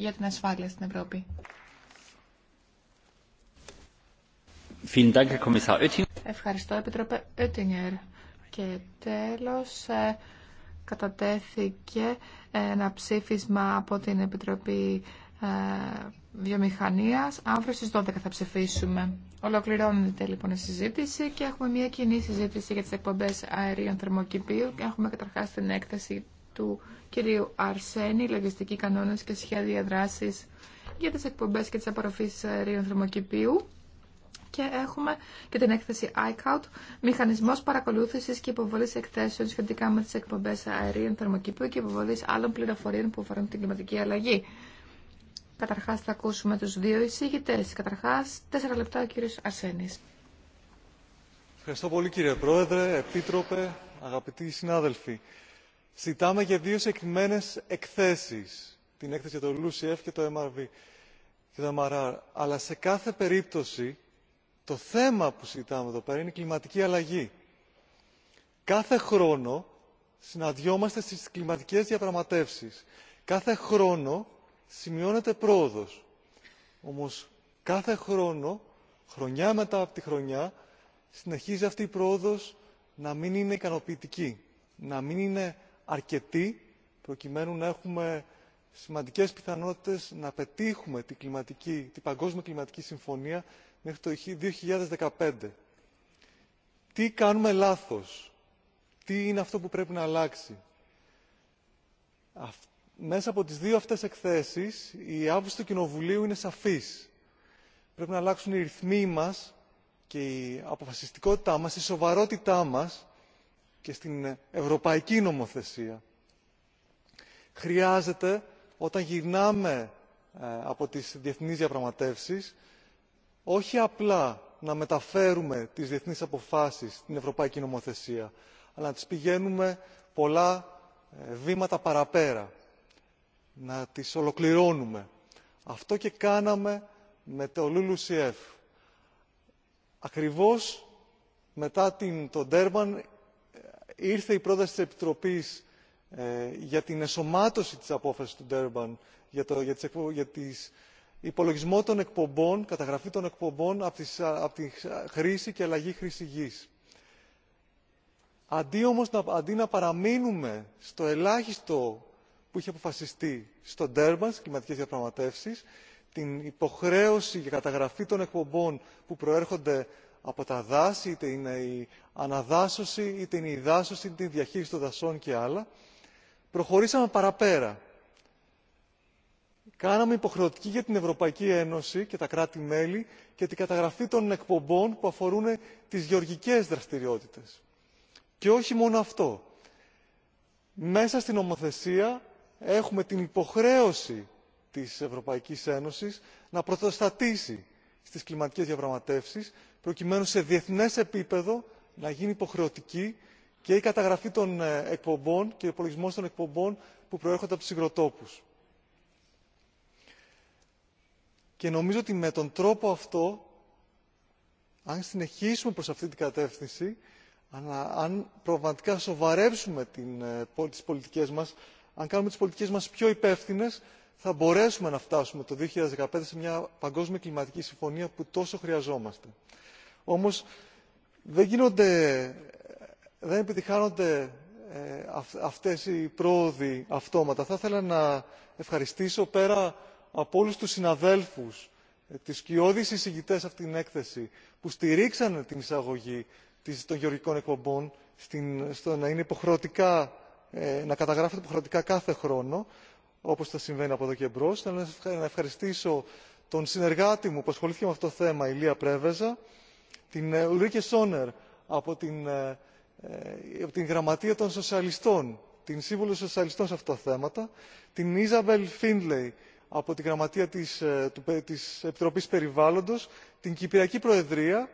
για την ασφάλεια στην Ευρώπη. Ευχαριστώ, Επιτροπέ Oettinger. Και τέλος, ε, κατατέθηκε ένα ψήφισμα από την Επιτροπή ε, Βιομηχανίας. Αύριο στις 12 θα ψηφίσουμε. Ολοκληρώνεται λοιπόν η συζήτηση και έχουμε μια κοινή συζήτηση για τις εκπομπές αερίων θερμοκηπίου και έχουμε καταρχάς την έκθεση του κυρίου Αρσένη, Λογιστική Κανόνα και σχέδια Δράση για τι εκπομπέ και τι απορροφής αερίων θερμοκηπίου. Και έχουμε και την έκθεση ICOUT, μηχανισμό παρακολούθηση και υποβολή εκθέσεων σχετικά με τι εκπομπέ αερίων θερμοκηπίου και υποβολή άλλων πληροφοριών που αφορούν την κλιματική αλλαγή. Καταρχά θα ακούσουμε του δύο εισηγητέ. Καταρχά, τέσσερα λεπτά ο κύριο Αρσένη. Ευχαριστώ πολύ κύριε Πρόεδρε, Επίτροπε, αγαπητοί συνάδελφοι. Συντάμε για δύο συγκεκριμένε εκθέσεις, την έκθεση για το ΛΟΥΣΙΕΦ και το MRV και το MRR, αλλά σε κάθε περίπτωση το θέμα που συζητάμε εδώ πέρα είναι η κλιματική αλλαγή. Κάθε χρόνο συναντιόμαστε στις κλιματικές διαπραγματεύσεις. Κάθε χρόνο σημειώνεται πρόοδος. Όμως κάθε χρόνο, χρονιά μετά από τη χρονιά, συνεχίζει αυτή η πρόοδος να μην είναι ικανοποιητική, να μην είναι αρκετή προκειμένου να έχουμε σημαντικές πιθανότητες να πετύχουμε την, κλιματική, Παγκόσμια Κλιματική Συμφωνία μέχρι το 2015. Τι κάνουμε λάθος, τι είναι αυτό που πρέπει να αλλάξει. Μέσα από τις δύο αυτές εκθέσεις η άποψη του Κοινοβουλίου είναι σαφής. Πρέπει να αλλάξουν οι ρυθμοί μας και η αποφασιστικότητά μας, η σοβαρότητά μας και στην ευρωπαϊκή νομοθεσία. Χρειάζεται όταν γυρνάμε ε, από τις διεθνείς διαπραγματεύσεις όχι απλά να μεταφέρουμε τις διεθνείς αποφάσεις στην ευρωπαϊκή νομοθεσία αλλά να τις πηγαίνουμε πολλά ε, βήματα παραπέρα να τις ολοκληρώνουμε. Αυτό και κάναμε με το LULUCF. Ακριβώς μετά την, τον Τέρμαν ήρθε η πρόταση της Επιτροπής ε, για την εσωμάτωση της απόφασης του Ντέρμπαν για τις υπολογισμό των εκπομπών, καταγραφή των εκπομπών από τη χρήση και αλλαγή χρήση γης. Αντί όμως αντί να παραμείνουμε στο ελάχιστο που είχε αποφασιστεί στο Ντέρμπαν, στις κλιματικές διαπραγματεύσεις, την υποχρέωση για καταγραφή των εκπομπών που προέρχονται από τα δάση, είτε είναι η αναδάσωση, είτε είναι η δάσωση, είτε είναι η διαχείριση των δασών και άλλα, προχωρήσαμε παραπέρα. Κάναμε υποχρεωτική για την Ευρωπαϊκή Ένωση και τα κράτη-μέλη και την καταγραφή των εκπομπών που αφορούν τις γεωργικές δραστηριότητες. Και όχι μόνο αυτό. Μέσα στην ομοθεσία έχουμε την υποχρέωση της Ευρωπαϊκής Ένωσης να πρωτοστατήσει στις κλιματικές διαπραγματεύσεις προκειμένου σε διεθνέ επίπεδο να γίνει υποχρεωτική και η καταγραφή των ε, εκπομπών και ο υπολογισμό των εκπομπών που προέρχονται από του υγροτόπου. Και νομίζω ότι με τον τρόπο αυτό, αν συνεχίσουμε προς αυτή την κατεύθυνση, αν πραγματικά σοβαρέψουμε ε, τις πολιτικές μας, αν κάνουμε τις πολιτικές μας πιο υπεύθυνε, θα μπορέσουμε να φτάσουμε το 2015 σε μια παγκόσμια κλιματική συμφωνία που τόσο χρειαζόμαστε. Όμως δεν δεν επιτυχάνονται ε, αυτές οι πρόοδοι αυτόματα. Θα ήθελα να ευχαριστήσω πέρα από όλους τους συναδέλφους, ε, τις σκιώδεις εισηγητές αυτήν την έκθεση που στηρίξαν την εισαγωγή των γεωργικών εκπομπών στο να είναι υποχρεωτικά ε, να καταγράφεται υποχρεωτικά κάθε χρόνο, όπως θα συμβαίνει από εδώ και μπρος. Θέλω να ευχαριστήσω τον συνεργάτη μου που ασχολήθηκε με αυτό το θέμα, Λία Πρέβεζα, την ε, Ulrike Σόνερ ε, από την, Γραμματεία των Σοσιαλιστών, την Σύμβουλο Σοσιαλιστών σε αυτά τα θέματα, την Ιζαμπέλ Φίντλεϊ από την Γραμματεία της, ε, της Επιτροπής Περιβάλλοντος, την Κυπριακή Προεδρία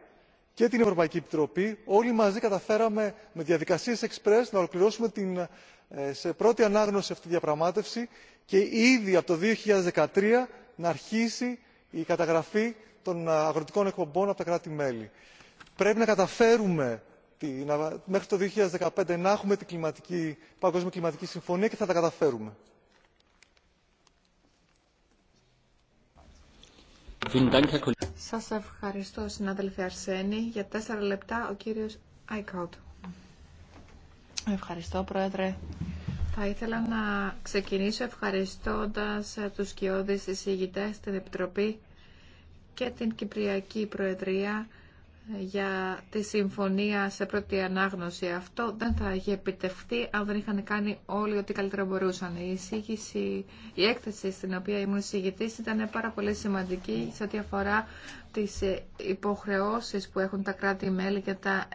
και την Ευρωπαϊκή Επιτροπή. Όλοι μαζί καταφέραμε με διαδικασίες εξπρές να ολοκληρώσουμε την, σε πρώτη ανάγνωση αυτή τη διαπραγμάτευση και ήδη από το 2013 να αρχίσει η καταγραφή των ε, αγροτικών εκπομπών από τα κράτη μέλη. πρέπει να καταφέρουμε μέχρι το 2015 να έχουμε την κλιματική, παγκόσμια κλιματική συμφωνία και θα τα καταφέρουμε. Σας ευχαριστώ συνάδελφε Αρσένη. Για τέσσερα λεπτά ο κύριος Άικαουτ. Ευχαριστώ Πρόεδρε. Θα ήθελα να ξεκινήσω ευχαριστώντα ε, τους κοιόδη εισηγητές στην Επιτροπή και την Κυπριακή Προεδρία για τη συμφωνία σε πρώτη ανάγνωση. Αυτό δεν θα είχε επιτευχθεί αν δεν είχαν κάνει όλοι ό,τι καλύτερα μπορούσαν. Η, εισήγηση, η έκθεση στην οποία ήμουν εισηγητής ήταν πάρα πολύ σημαντική σε ό,τι αφορά τις υποχρεώσεις που έχουν τα κράτη-μέλη για τα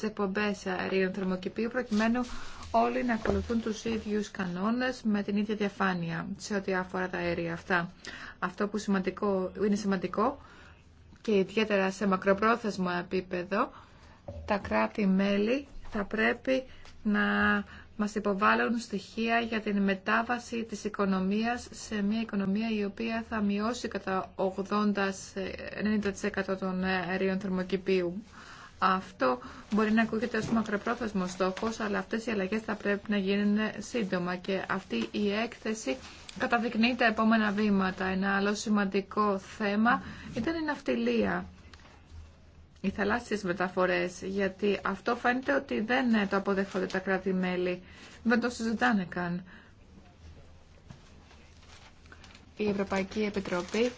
εκπομπές αερίων θερμοκηπίου προκειμένου όλοι να ακολουθούν τους ίδιους κανόνες με την ίδια διαφάνεια σε ό,τι αφορά τα αέρια αυτά. Αυτό που είναι σημαντικό και ιδιαίτερα σε μακροπρόθεσμο επίπεδο, τα κράτη-μέλη θα πρέπει να μας υποβάλλουν στοιχεία για την μετάβαση της οικονομίας σε μια οικονομία η οποία θα μειώσει κατά 80-90% των αερίων θερμοκηπίου. Αυτό μπορεί να ακούγεται ως μακροπρόθεσμο στόχος, αλλά αυτές οι αλλαγές θα πρέπει να γίνουν σύντομα και αυτή η έκθεση καταδεικνύει τα επόμενα βήματα. Ένα άλλο σημαντικό θέμα ήταν η ναυτιλία, οι θαλάσσιες μεταφορές, γιατί αυτό φαίνεται ότι δεν το αποδέχονται τα κράτη-μέλη, δεν το συζητάνε καν. Η Ευρωπαϊκή Επιτροπή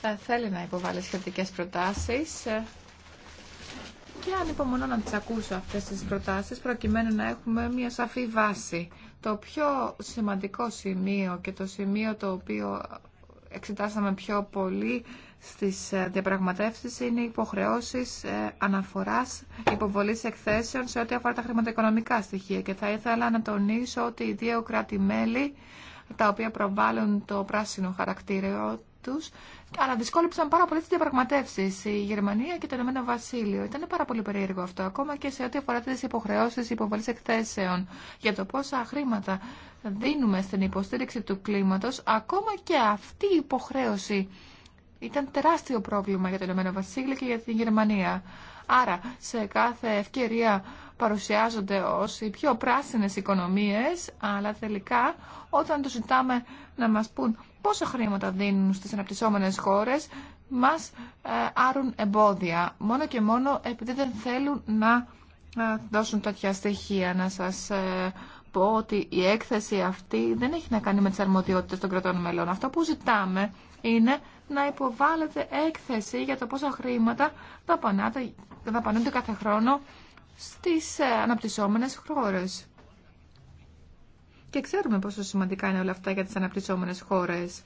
θα ε, θέλει να υποβάλει σχετικές προτάσεις και ανυπομονώ να τις ακούσω αυτές τις προτάσεις προκειμένου να έχουμε μια σαφή βάση. Το πιο σημαντικό σημείο και το σημείο το οποίο εξετάσαμε πιο πολύ στις ε, διαπραγματεύσεις είναι οι υποχρεώσεις ε, αναφοράς υποβολής εκθέσεων σε ό,τι αφορά τα χρηματοοικονομικά στοιχεία και θα ήθελα να τονίσω ότι οι δύο κράτη-μέλη τα οποία προβάλλουν το πράσινο χαρακτήριο, αλλά δυσκόλυψαν πάρα πολύ τι διαπραγματεύσει. Η Γερμανία και το Ηνωμένο Βασίλειο. Ήταν πάρα πολύ περίεργο αυτό, ακόμα και σε ό,τι αφορά τι υποχρεώσει υποβολή εκθέσεων για το πόσα χρήματα δίνουμε στην υποστήριξη του κλίματο, Ακόμα και αυτή η υποχρέωση ήταν τεράστιο πρόβλημα για το Ηνωμένο Βασίλειο και για την Γερμανία. Άρα, σε κάθε ευκαιρία παρουσιάζονται ως οι πιο πράσινες οικονομίες, αλλά τελικά όταν τους ζητάμε να μας πούν πόσα χρήματα δίνουν στις αναπτυσσόμενες χώρες μας ε, άρουν εμπόδια μόνο και μόνο επειδή δεν θέλουν να ε, δώσουν τέτοια στοιχεία. Να σας ε, πω ότι η έκθεση αυτή δεν έχει να κάνει με τις αρμοδιότητες των κρατών μελών. Αυτό που ζητάμε είναι να υποβάλλεται έκθεση για το πόσα χρήματα δαπανούνται κάθε χρόνο στις αναπτυσσόμενες χώρες. Και ξέρουμε πόσο σημαντικά είναι όλα αυτά για τις αναπτυσσόμενες χώρες.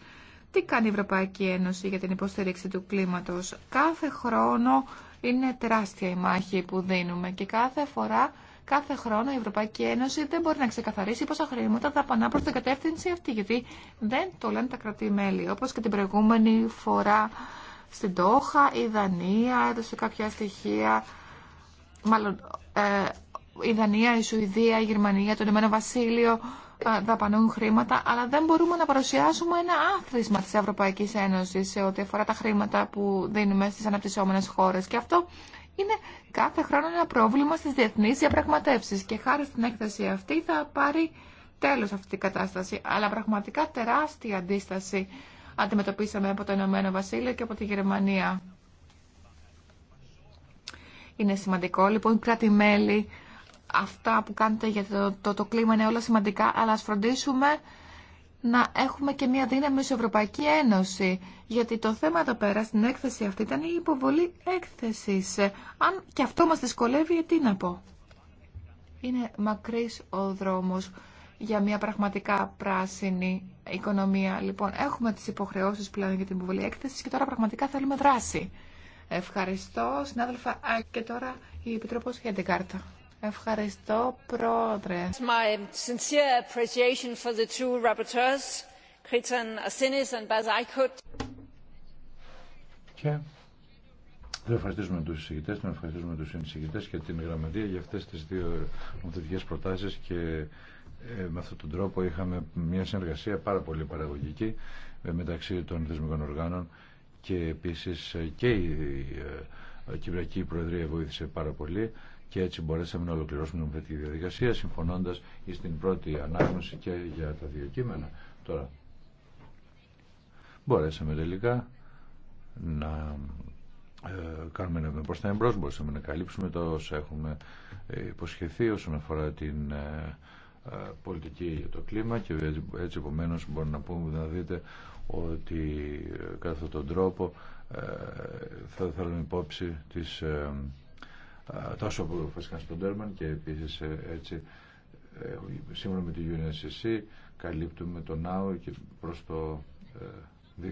Τι κάνει η Ευρωπαϊκή Ένωση για την υποστήριξη του κλίματος. Κάθε χρόνο είναι τεράστια η μάχη που δίνουμε και κάθε φορά, κάθε χρόνο η Ευρωπαϊκή Ένωση δεν μπορεί να ξεκαθαρίσει πόσα χρήματα θα πανά προς την κατεύθυνση αυτή, γιατί δεν το λένε τα κρατή-μέλη, όπως και την προηγούμενη φορά στην Τόχα, η Δανία έδωσε κάποια στοιχεία, μάλλον ε, η Δανία, η Σουηδία, η Γερμανία, το Ηνωμένο Βασίλειο, δαπανούν χρήματα, αλλά δεν μπορούμε να παρουσιάσουμε ένα άθροισμα της Ευρωπαϊκής Ένωσης σε ό,τι αφορά τα χρήματα που δίνουμε στις αναπτυσσόμενες χώρες. Και αυτό είναι κάθε χρόνο ένα πρόβλημα στις διεθνείς διαπραγματεύσεις. Και χάρη στην έκθεση αυτή θα πάρει τέλος αυτή η κατάσταση. Αλλά πραγματικά τεράστια αντίσταση αντιμετωπίσαμε από το Ηνωμένο Βασίλειο και από τη Γερμανία. Είναι σημαντικό λοιπόν κράτη-μέλη αυτά που κάνετε για το, το, κλίμα είναι όλα σημαντικά, αλλά ας φροντίσουμε να έχουμε και μια δύναμη σε Ευρωπαϊκή Ένωση. Γιατί το θέμα εδώ πέρα στην έκθεση αυτή ήταν η υποβολή έκθεση. Αν και αυτό μας δυσκολεύει, τι να πω. Είναι μακρύς ο δρόμος για μια πραγματικά πράσινη οικονομία. Λοιπόν, έχουμε τις υποχρεώσεις πλέον για την υποβολή έκθεση και τώρα πραγματικά θέλουμε δράση. Ευχαριστώ, συνάδελφα. Και τώρα η Επιτροπός κάρτα. Ευχαριστώ, Πρόεδρε. My sincere appreciation for the two rapporteurs, Kriton Asinis and Bas Aykut. Και ευχαριστήσουμε τους εισηγητές, να ευχαριστήσουμε τους εισηγητές και την γραμματεία για αυτές τις δύο νομοθετικές προτάσεις και ε, με αυτόν τον τρόπο είχαμε μια συνεργασία πάρα πολύ παραγωγική ε, μεταξύ των θεσμικών οργάνων και επίσης ε, και η Κυπριακή Προεδρία βοήθησε πάρα πολύ και έτσι μπορέσαμε να ολοκληρώσουμε με τη διαδικασία συμφωνώντας στην πρώτη ανάγνωση και για τα δύο κείμενα. Τώρα, μπορέσαμε τελικά να ε, κάνουμε ένα βήμα προς τα εμπρός, μπορέσαμε να καλύψουμε το όσα έχουμε ε, υποσχεθεί όσον αφορά την ε, πολιτική για το κλίμα και έτσι επομένως μπορούμε να πούμε να δείτε ότι κατά αυτόν τον τρόπο θα θέλουμε υπόψη τις τόσο που στον Τέρμαν και επίσης ε, έτσι ε, σύμφωνα με τη UNSC καλύπτουμε το ΝΑΟ και προς το 2020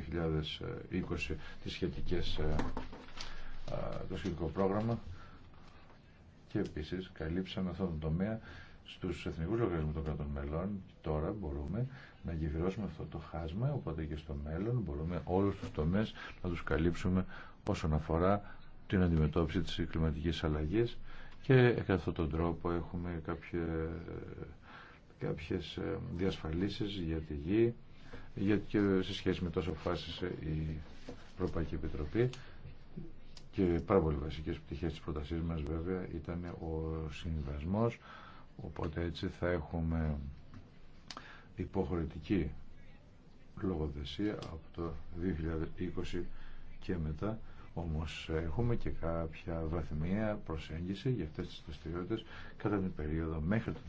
ε, τις σχετικές, το σχετικό πρόγραμμα και επίσης καλύψαμε αυτόν τον τομέα στους εθνικούς λογαριασμούς των κρατών μελών και τώρα μπορούμε να γεφυρώσουμε αυτό το χάσμα οπότε και στο μέλλον μπορούμε όλους τους τομές να τους καλύψουμε όσον αφορά την αντιμετώπιση της κλιματικής αλλαγής και κατά αυτόν τον τρόπο έχουμε κάποιες, κάποιες διασφαλίσεις για τη γη και σε σχέση με τόσο αποφάσισε η Ευρωπαϊκή Επιτροπή και πάρα πολύ βασικές πτυχές της πρότασής μας βέβαια ήταν ο συνδυασμός οπότε έτσι θα έχουμε υποχρεωτική λογοδεσία από το 2020 και μετά όμως έχουμε και κάποια βαθμία προσέγγιση για αυτές τις δραστηριότητε κατά την περίοδο μέχρι το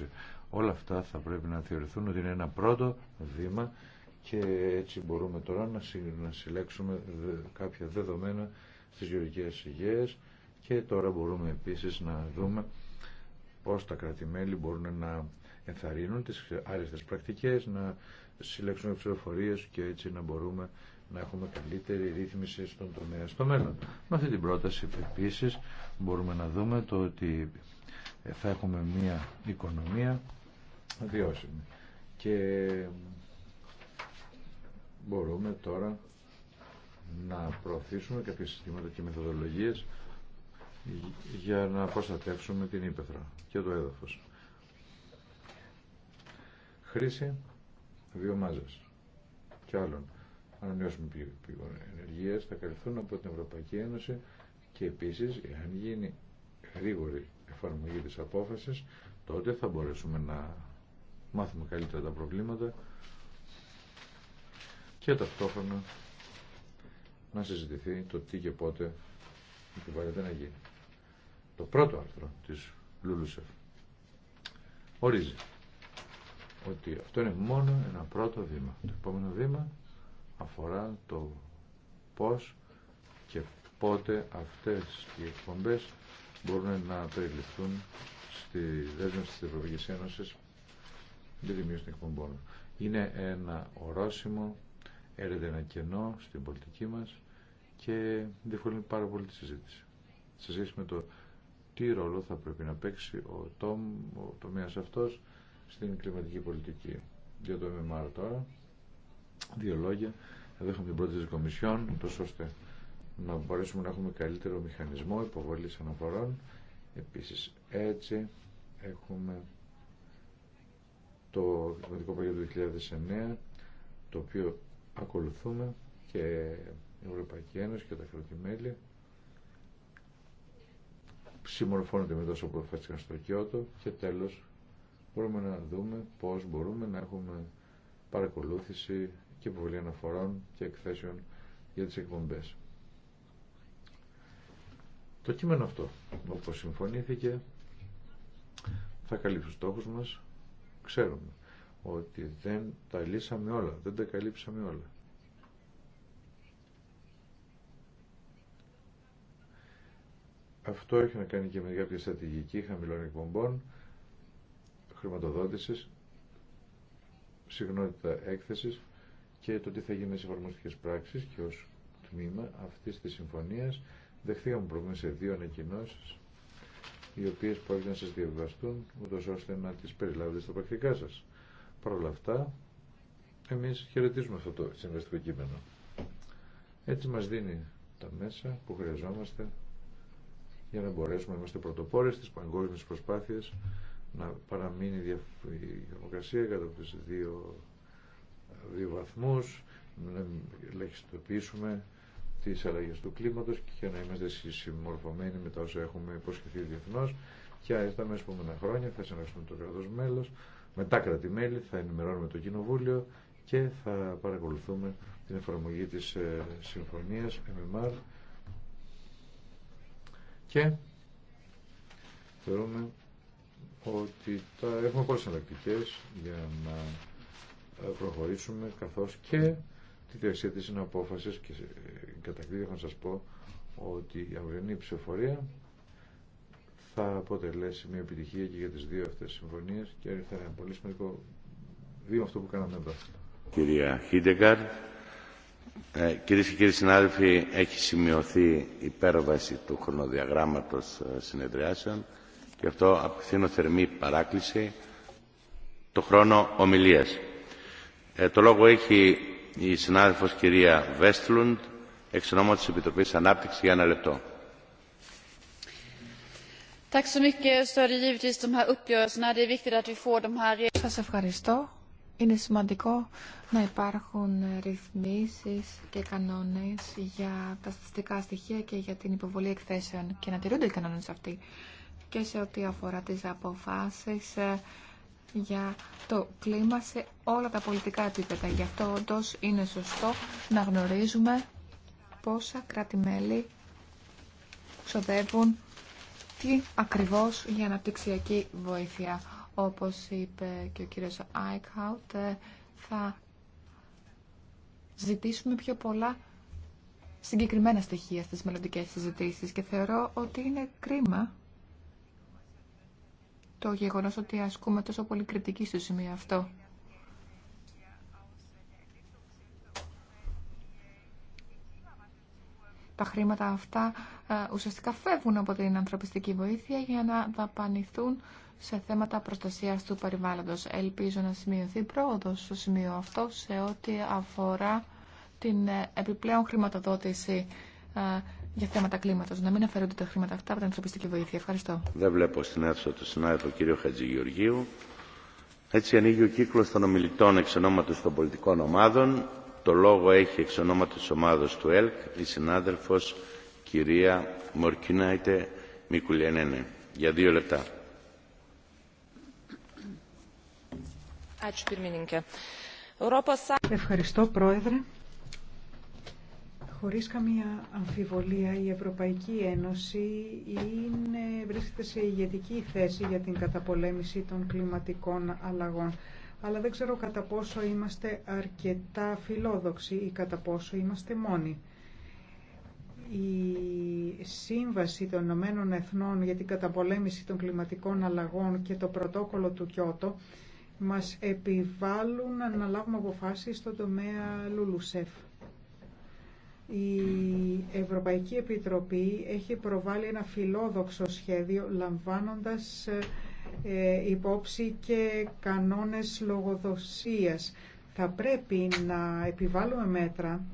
2020. Όλα αυτά θα πρέπει να θεωρηθούν ότι είναι ένα πρώτο βήμα και έτσι μπορούμε τώρα να συλλέξουμε κάποια δεδομένα στις γεωργικές υγείες και τώρα μπορούμε επίσης να δούμε πώς τα κρατημέλη μπορούν να ενθαρρύνουν τις άριστες πρακτικές, να συλλέξουμε πληροφορίε και έτσι να μπορούμε να έχουμε καλύτερη ρύθμιση στον τομέα στο μέλλον. Με αυτή την πρόταση επίση μπορούμε να δούμε το ότι θα έχουμε μια οικονομία βιώσιμη. Και μπορούμε τώρα να προωθήσουμε κάποια συστήματα και μεθοδολογίες για να προστατεύσουμε την ύπεθρα και το έδαφος. Χρήση βιομάζας και άλλων ανανεώσουμε πηγών ενεργείας θα καλυφθούν από την Ευρωπαϊκή Ένωση και επίσης εάν γίνει γρήγορη εφαρμογή της απόφαση, τότε θα μπορέσουμε να μάθουμε καλύτερα τα προβλήματα και ταυτόχρονα να συζητηθεί το τι και πότε επιβάλλεται να γίνει. Το πρώτο άρθρο της Λουλούσεφ ορίζει ότι αυτό είναι μόνο ένα πρώτο βήμα. Το επόμενο βήμα αφορά το πώς και πότε αυτές οι εκπομπές μπορούν να περιληφθούν στη δέσμευση της Ευρωπαϊκής Ένωσης για τη μείωση των εκπομπών. Είναι ένα ορόσημο, έρεται ένα κενό στην πολιτική μας και διευκολύνει πάρα πολύ τη συζήτηση. Σε σχέση με το τι ρόλο θα πρέπει να παίξει ο, τομ, ο τομέας αυτός στην κλιματική πολιτική. Για το MMR τώρα δύο λόγια. εδώ έχουμε την πρόταση της Κομισιόν, τόσο ώστε να μπορέσουμε να έχουμε καλύτερο μηχανισμό υποβολής αναφορών. Επίσης έτσι έχουμε το Δημοτικό Παγιο του 2009, το οποίο ακολουθούμε και η Ευρωπαϊκή Ένωση και τα κρατημέλη συμμορφώνονται με τόσο που αποφασίστηκαν στο Κιώτο και τέλος μπορούμε να δούμε πώς μπορούμε να έχουμε παρακολούθηση και υποβολή αναφορών και εκθέσεων για τις εκπομπές. Το κείμενο αυτό, όπως συμφωνήθηκε, θα καλύψει τους στόχους μας. Ξέρουμε ότι δεν τα λύσαμε όλα, δεν τα καλύψαμε όλα. Αυτό έχει να κάνει και με κάποια στρατηγική χαμηλών εκπομπών, χρηματοδότησης, συγνότητα έκθεσης και το τι θα γίνει με τις εφαρμοστικές πράξεις και ως τμήμα αυτής της συμφωνίας δεχθήκαμε προβλήματα σε δύο ανακοινώσει οι οποίες πρόκειται να σας διαβαστούν ούτως ώστε να τις περιλάβετε στα πρακτικά σας. Παρ' όλα αυτά, εμείς χαιρετίζουμε αυτό το συμβαστικό κείμενο. Έτσι μας δίνει τα μέσα που χρειαζόμαστε για να μπορέσουμε να είμαστε πρωτοπόρες στις παγκόσμιες προσπάθειες να παραμείνει η δημοκρασία κατά από τις δύο δύο βαθμούς, να ελαχιστοποιήσουμε τις αλλαγές του κλίματος και να είμαστε συμμορφωμένοι με τα όσα έχουμε υποσχεθεί διεθνώ και τα μέσα επόμενα χρόνια θα συνεργαστούμε το κράτος μέλος, με τα κράτη-μέλη, θα ενημερώνουμε το Κοινοβούλιο και θα παρακολουθούμε την εφαρμογή της ε, συμφωνίας MMR και θεωρούμε ότι τα έχουμε πολλέ εναλλακτικές για να ε, προχωρήσουμε καθώς και τη διαξία της συναπόφασης και κατακλείδη να σας πω ότι η αυριανή ψηφοφορία θα αποτελέσει μια επιτυχία και για τις δύο αυτές συμφωνίες και θα είναι πολύ σημαντικό βήμα αυτό που κάναμε εδώ. Κυρία Χίντεγκαρ, ε, κυρίες και κύριοι συνάδελφοι, έχει σημειωθεί η υπέρβαση του χρονοδιαγράμματος ε, συνεδριάσεων και αυτό απευθύνω θερμή παράκληση το χρόνο ομιλίας. Ε, το λόγο έχει η συνάδελφος κυρία Βέστλουντ, εξ ονόμα της Επιτροπής Ανάπτυξης, για ένα λεπτό. Σας ευχαριστώ. Είναι σημαντικό να υπάρχουν ρυθμίσεις και κανόνες για τα στατιστικά στοιχεία και για την υποβολή εκθέσεων και να τηρούνται οι κανόνες αυτοί και σε ό,τι αφορά τις αποφάσεις ε, για το κλίμα σε όλα τα πολιτικά επίπεδα. Γι' αυτό όντω είναι σωστό να γνωρίζουμε πόσα κράτη-μέλη ξοδεύουν τι ακριβώς για αναπτυξιακή βοήθεια. Όπως είπε και ο κύριος Άικχαουτ, ε, θα ζητήσουμε πιο πολλά συγκεκριμένα στοιχεία στις μελλοντικές συζητήσεις και θεωρώ ότι είναι κρίμα το γεγονός ότι ασκούμε τόσο πολύ κριτική στο σημείο αυτό. Τα χρήματα αυτά ε, ουσιαστικά φεύγουν από την ανθρωπιστική βοήθεια για να δαπανηθούν σε θέματα προστασίας του περιβάλλοντος. Ελπίζω να σημειωθεί πρόοδος στο σημείο αυτό σε ό,τι αφορά την ε, επιπλέον χρηματοδότηση ε, για θέματα κλίματο. Να μην αφαιρούνται τα χρήματα αυτά από την ανθρωπιστική βοήθεια. Ευχαριστώ. Δεν βλέπω στην αίθουσα του συνάδελφο κ. Χατζηγεωργίου. Έτσι ανοίγει ο κύκλο των ομιλητών εξ ονόματο των πολιτικών ομάδων. Το λόγο έχει εξ ονόματο τη ομάδα του ΕΛΚ η συνάδελφο κυρία Μορκινάιτε Μικουλιανένε. Για δύο λεπτά. Ευχαριστώ, Πρόεδρε. Χωρίς καμία αμφιβολία η Ευρωπαϊκή Ένωση είναι, βρίσκεται σε ηγετική θέση για την καταπολέμηση των κλιματικών αλλαγών. Αλλά δεν ξέρω κατά πόσο είμαστε αρκετά φιλόδοξοι ή κατά πόσο είμαστε μόνοι. Η Σύμβαση των Ηνωμένων Εθνών για την καταπολέμηση των κλιματικών αλλαγών και το πρωτόκολλο του Κιώτο μας επιβάλλουν να αναλάβουμε αποφάσεις στον τομέα Λουλουσέφ. Η Ευρωπαϊκή Επιτροπή έχει προβάλει ένα φιλόδοξο σχέδιο λαμβάνοντας ε, υπόψη και κανόνες λογοδοσίας. Θα πρέπει να επιβάλλουμε μέτρα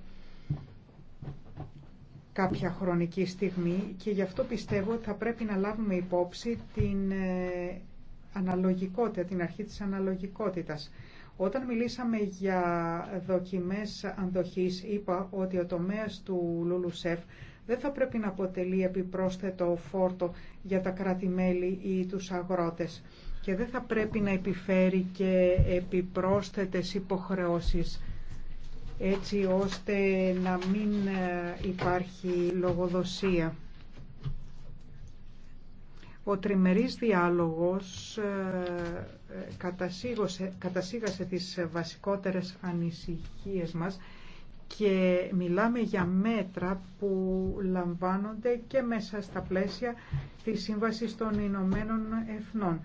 κάποια χρονική στιγμή και γι' αυτό πιστεύω ότι θα πρέπει να λάβουμε υπόψη την ε, αναλογικότητα, την αρχή της αναλογικότητας. Όταν μιλήσαμε για δοκιμές αντοχής, είπα ότι ο τομέας του Λουλουσεφ δεν θα πρέπει να αποτελεί επιπρόσθετο φόρτο για τα κρατη ή τους αγρότες και δεν θα πρέπει να επιφέρει και επιπρόσθετες υποχρεώσεις έτσι ώστε να μην ε, υπάρχει λογοδοσία. Ο τριμερής διάλογος ε, κατασύγασε τις βασικότερες ανησυχίες μας και μιλάμε για μέτρα που λαμβάνονται και μέσα στα πλαίσια της Σύμβασης των Ηνωμένων Εθνών.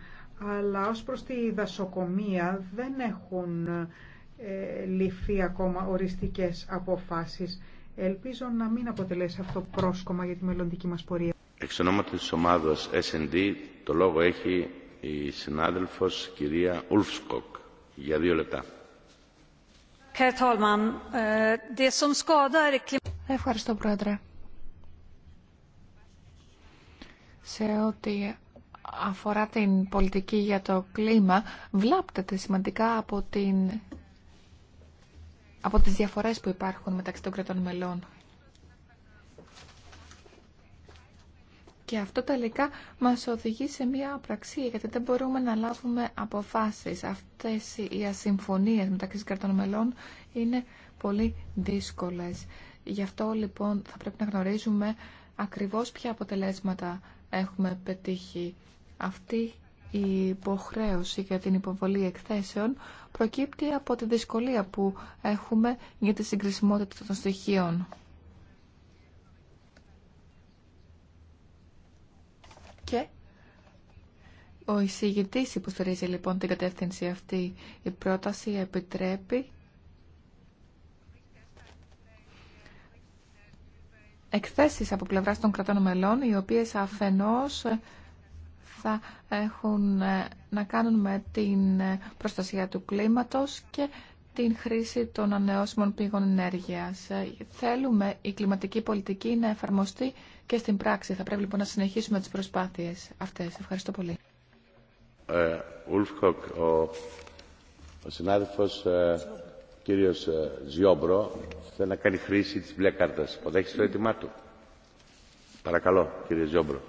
Αλλά ως προς τη δασοκομεία δεν έχουν ε, ληφθεί ακόμα οριστικές αποφάσεις. Ελπίζω να μην αποτελέσει αυτό πρόσκομα για τη μελλοντική μας πορεία. Εξ ονόματος της ομάδος S&D το λόγο έχει η συνάδελφος κυρία Ουλφσκοκ για δύο λεπτά. Ε, Ευχαριστώ πρόεδρε. Σε ό,τι αφορά την πολιτική για το κλίμα, βλάπτεται σημαντικά από, την... από τις διαφορές που υπάρχουν μεταξύ των κρατών μελών Και αυτό τελικά μας οδηγεί σε μία απραξία, γιατί δεν μπορούμε να λάβουμε αποφάσεις. Αυτές οι ασυμφωνίες μεταξύ κρατών μελών είναι πολύ δύσκολες. Γι' αυτό λοιπόν θα πρέπει να γνωρίζουμε ακριβώς ποια αποτελέσματα έχουμε πετύχει. Αυτή η υποχρέωση για την υποβολή εκθέσεων προκύπτει από τη δυσκολία που έχουμε για τη συγκρισιμότητα των στοιχείων. Και ο εισηγητής υποστηρίζει λοιπόν την κατεύθυνση αυτή. Η πρόταση επιτρέπει εκθέσεις από πλευράς των κρατών μελών, οι οποίες αφενός θα έχουν ε, να κάνουν με την ε, προστασία του κλίματος και την χρήση των ανεώσιμων πηγών ενέργειας. Ε, θέλουμε η κλιματική πολιτική να εφαρμοστεί και στην πράξη. Θα πρέπει λοιπόν να συνεχίσουμε τις προσπάθειες αυτές. Ευχαριστώ πολύ. Ε, ο, ο συνάδελφος ε, κύριος ε, Ζιόμπρο θέλει να κάνει χρήση της μπλε κάρτας. Αποδέχεις το αίτημά του. Παρακαλώ, κύριε Ζιόμπρο.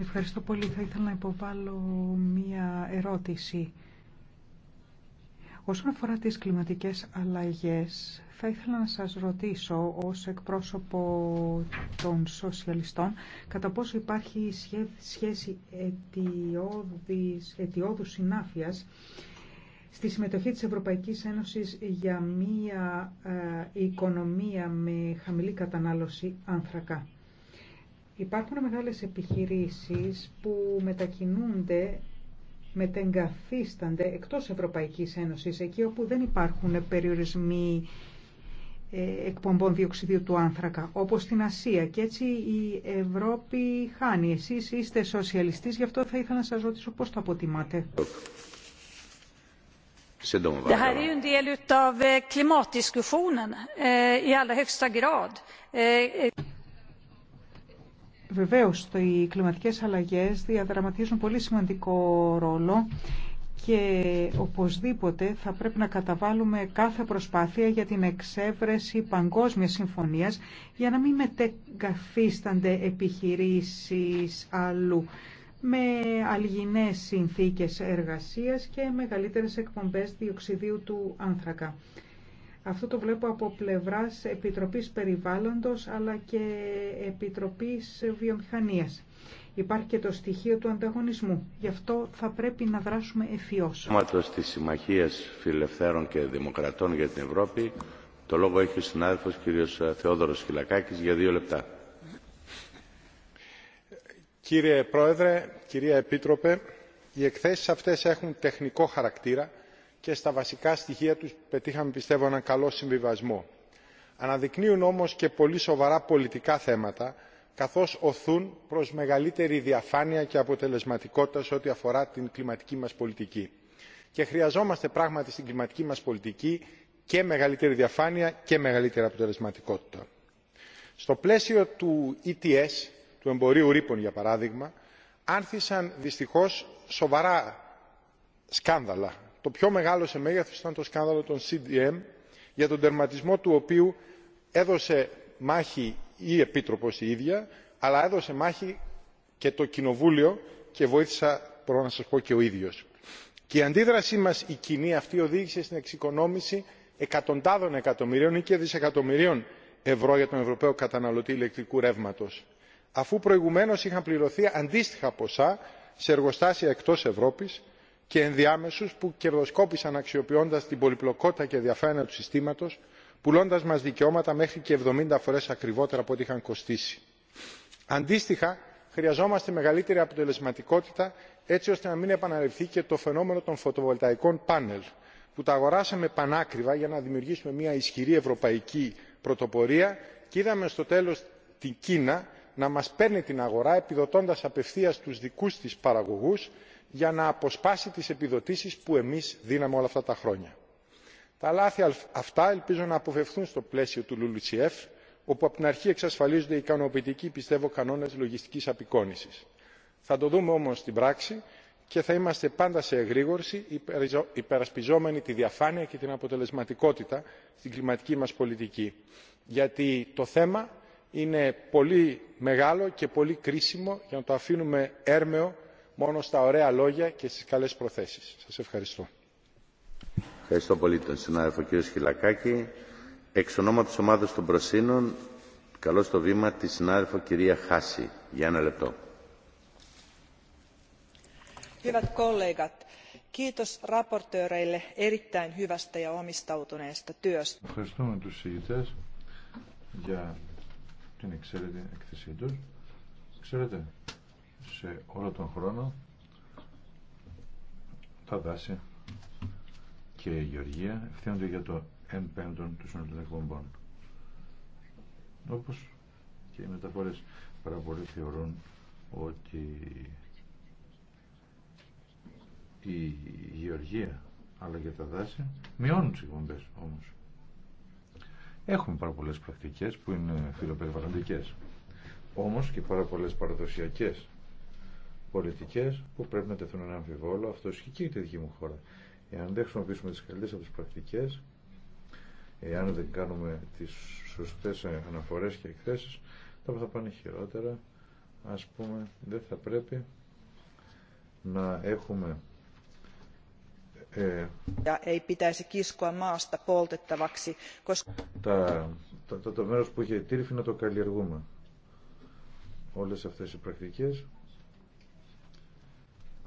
Ευχαριστώ πολύ. Θα ήθελα να υποβάλω μία ερώτηση Όσον αφορά τις κλιματικές αλλαγές, θα ήθελα να σας ρωτήσω ως εκπρόσωπο των σοσιαλιστών κατά πόσο υπάρχει σχέση αιτιόδου συνάφειας στη συμμετοχή της Ευρωπαϊκής Ένωσης για μία ε, οικονομία με χαμηλή κατανάλωση άνθρακα. Υπάρχουν μεγάλες επιχειρήσεις που μετακινούνται μετεγκαθίστανται εκτός Ευρωπαϊκής Ένωσης, εκεί όπου δεν υπάρχουν περιορισμοί ε, εκπομπών διοξιδίου του άνθρακα, όπως στην Ασία. Και έτσι η Ευρώπη χάνει. Εσείς είστε σοσιαλιστής, γι' αυτό θα ήθελα να σας ρωτήσω πώς το αποτιμάτε. Det här är en del av eh, klimatdiskussionen eh, i allra högsta grad. Eh, Βεβαίως, οι κλιματικές αλλαγές διαδραματίζουν πολύ σημαντικό ρόλο και οπωσδήποτε θα πρέπει να καταβάλουμε κάθε προσπάθεια για την εξέβρεση παγκόσμιας συμφωνίας για να μην μετεγκαθίστανται επιχειρήσεις αλλού με αλγινές συνθήκες εργασίας και μεγαλύτερες εκπομπές διοξιδίου του άνθρακα. Αυτό το βλέπω από πλευράς Επιτροπής Περιβάλλοντος αλλά και Επιτροπής Βιομηχανίας. Υπάρχει και το στοιχείο του ανταγωνισμού. Γι' αυτό θα πρέπει να δράσουμε ευφυώς. Σώματος της Συμμαχίας Φιλελευθέρων και Δημοκρατών για την Ευρώπη, το λόγο έχει ο συνάδελφος κ. Θεόδωρος Χιλακάκης για δύο λεπτά. Κύριε Πρόεδρε, κυρία Επίτροπε, οι εκθέσεις αυτές έχουν τεχνικό χαρακτήρα και στα βασικά στοιχεία του πετύχαμε πιστεύω έναν καλό συμβιβασμό. αναδεικνύουν όμως και πολύ σοβαρά πολιτικά θέματα καθώς οθούν προς μεγαλύτερη διαφάνεια και αποτελεσματικότητα σε ό,τι αφορά την κλιματική μας πολιτική. Και χρειαζόμαστε πράγματι στην κλιματική μας πολιτική και μεγαλύτερη διαφάνεια και μεγαλύτερη αποτελεσματικότητα. Στο πλαίσιο του ETS, του εμπορίου ρήπων για παράδειγμα, άνθησαν δυστυχώς σοβαρά σκάνδαλα το πιο μεγάλο σε μέγεθος ήταν το σκάνδαλο των cdm για τον τερματισμό του οποίου έδωσε μάχη η επίτροπος η ίδια αλλά έδωσε μάχη και το κοινοβούλιο και βοήθησα μπορώ να σας πω και ο ίδιος. και η αντίδρασή μας η κοινή αυτή οδήγησε στην εξοικονόμηση εκατοντάδων εκατομμυρίων ή και δισεκατομμυρίων ευρώ για τον ευρωπαίο καταναλωτή ηλεκτρικού ρεύματος αφού προηγουμένως είχαν πληρωθεί αντίστοιχα ποσά σε εργοστάσια εκτός ευρώπης και ενδιάμεσους που κερδοσκόπησαν αξιοποιώντας την πολυπλοκότητα και διαφάνεια του συστήματος πουλώντας μας δικαιώματα μέχρι και 70 φορές ακριβότερα από ό,τι είχαν κοστίσει. Αντίστοιχα, χρειαζόμαστε μεγαλύτερη αποτελεσματικότητα έτσι ώστε να μην επαναληφθεί και το φαινόμενο των φωτοβολταϊκών πάνελ που τα αγοράσαμε πανάκριβα για να δημιουργήσουμε μια ισχυρή ευρωπαϊκή πρωτοπορία και είδαμε στο τέλος την κίνα να μας παίρνει την αγορά επιδοτώντας απευθείας τους δικούς της παραγωγούς για να αποσπάσει τις επιδοτήσεις που εμείς δίναμε όλα αυτά τα χρόνια. Τα λάθη αυτά ελπίζω να αποφευθούν στο πλαίσιο του LULUCF, όπου από την αρχή εξασφαλίζονται ικανοποιητικοί πιστεύω κανόνες λογιστικής απεικόνησης. Θα το δούμε όμως στην πράξη και θα είμαστε πάντα σε εγρήγορση υπερασπιζόμενοι τη διαφάνεια και την αποτελεσματικότητα στην κλιματική μας πολιτική. Γιατί το θέμα είναι πολύ μεγάλο και πολύ κρίσιμο για να το αφήνουμε έρμεο μόνο στα ωραία λόγια και στις καλές προθέσεις. Σας ευχαριστώ. Ευχαριστώ πολύ τον συνάδελφο κ. Χιλακάκη. Εξ ονόματος ομάδας των Προσύνων, καλώ στο βήμα τη συνάδελφο κυρία Χάση. Για ένα λεπτό. Hyvät kollegat, kiitos raportööreille erittäin hyvästä ja omistautuneesta työstä. Ευχαριστούμε τους συγητές για την εξαίρετη εκθεσή τους. Ξέρετε, σε όλο τον χρόνο τα δάση και η γεωργία ευθύνονται για το εν πέμπτον του συνολικού εκπομπών. Όπως και οι μεταφορές πάρα πολλοί θεωρούν ότι η γεωργία αλλά και τα δάση μειώνουν τις εκπομπές όμως. Έχουμε πάρα πολλές πρακτικές που είναι φιλοπεριβαλλοντικές όμως και πάρα πολλές παραδοσιακές πολιτικές που πρέπει να τεθούν ένα αμφιβόλο. Αυτό ισχύει και τη δική μου χώρα. Εάν δεν χρησιμοποιήσουμε τις καλύτερες από τις πρακτικές, εάν δεν κάνουμε τις σωστές αναφορές και εκθέσεις, τότε θα πάνε χειρότερα. Ας πούμε, δεν θα πρέπει να έχουμε τα, το, το μέρος που είχε τύρφη να το καλλιεργούμε. Όλες αυτές οι πρακτικές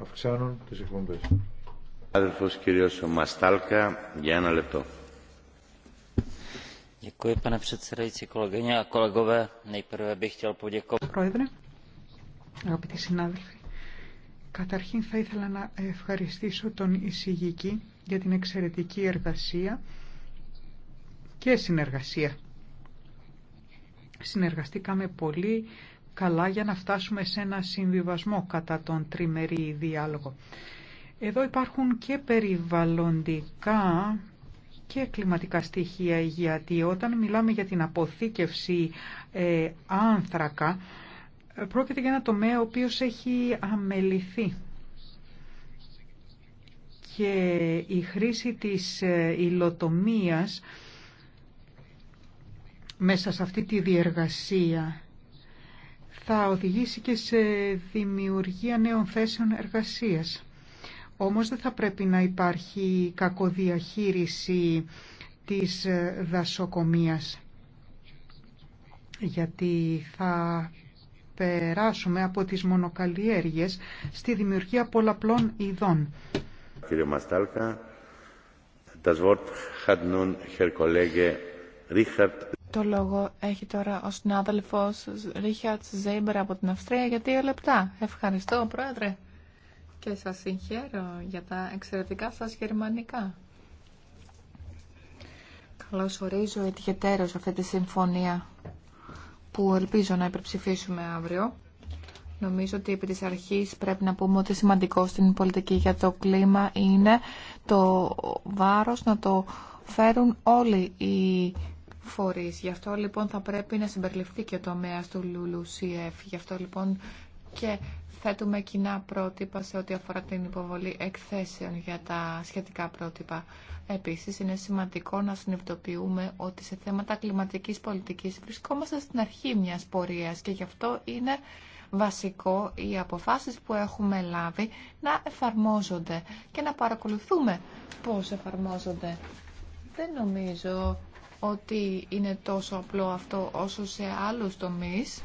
αυξάνουν τις εκπομπές. Άδελφος κύριος Μαστάλκα για ένα λεπτό. Πρόεδρε, αγαπητοί συνάδελφοι, καταρχήν θα ήθελα να ευχαριστήσω τον εισηγητή για την εξαιρετική εργασία και συνεργασία. Συνεργαστήκαμε πολύ καλά για να φτάσουμε σε ένα συμβιβασμό κατά τον τριμερή διάλογο. Εδώ υπάρχουν και περιβαλλοντικά και κλιματικά στοιχεία γιατί όταν μιλάμε για την αποθήκευση ε, άνθρακα ε, πρόκειται για ένα τομέα ο οποίος έχει αμεληθεί και η χρήση της ε, υλοτομίας μέσα σε αυτή τη διεργασία θα οδηγήσει και σε δημιουργία νέων θέσεων εργασίας. Όμως δεν θα πρέπει να υπάρχει κακοδιαχείριση της δασοκομείας, γιατί θα περάσουμε από τις μονοκαλλιέργειες στη δημιουργία πολλαπλών ειδών. Κύριε Μαστάλκα, το λόγο έχει τώρα ο συνάδελφο Ρίχαρτ Ζέιμπερ από την Αυστρία για δύο λεπτά. Ευχαριστώ, Πρόεδρε. Και σα συγχαίρω για τα εξαιρετικά σα γερμανικά. Καλώ ορίζω ιδιαίτερω αυτή τη συμφωνία που ελπίζω να υπερψηφίσουμε αύριο. Νομίζω ότι επί της αρχής πρέπει να πούμε ότι σημαντικό στην πολιτική για το κλίμα είναι το βάρος να το φέρουν όλοι οι φορείς. Γι' αυτό λοιπόν θα πρέπει να συμπεριληφθεί και ο μέα του LULUCF. Γι' αυτό λοιπόν και θέτουμε κοινά πρότυπα σε ό,τι αφορά την υποβολή εκθέσεων για τα σχετικά πρότυπα. Επίσης, είναι σημαντικό να συνειδητοποιούμε ότι σε θέματα κλιματικής πολιτικής βρισκόμαστε στην αρχή μιας πορείας και γι' αυτό είναι βασικό οι αποφάσεις που έχουμε λάβει να εφαρμόζονται και να παρακολουθούμε πώς εφαρμόζονται. Δεν νομίζω ότι είναι τόσο απλό αυτό όσο σε άλλους τομείς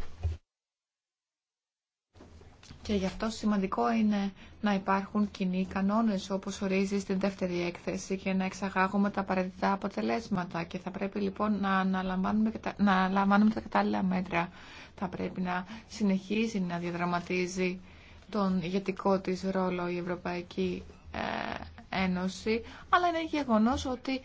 και γι' αυτό σημαντικό είναι να υπάρχουν κοινοί κανόνες όπως ορίζει στην δεύτερη έκθεση και να εξαγάγουμε τα απαραίτητα αποτελέσματα και θα πρέπει λοιπόν να αναλαμβάνουμε, να αναλαμβάνουμε τα κατάλληλα μέτρα. Θα πρέπει να συνεχίζει να διαδραματίζει τον ηγετικό της ρόλο η Ευρωπαϊκή ε, Ένωση, αλλά είναι γεγονός ότι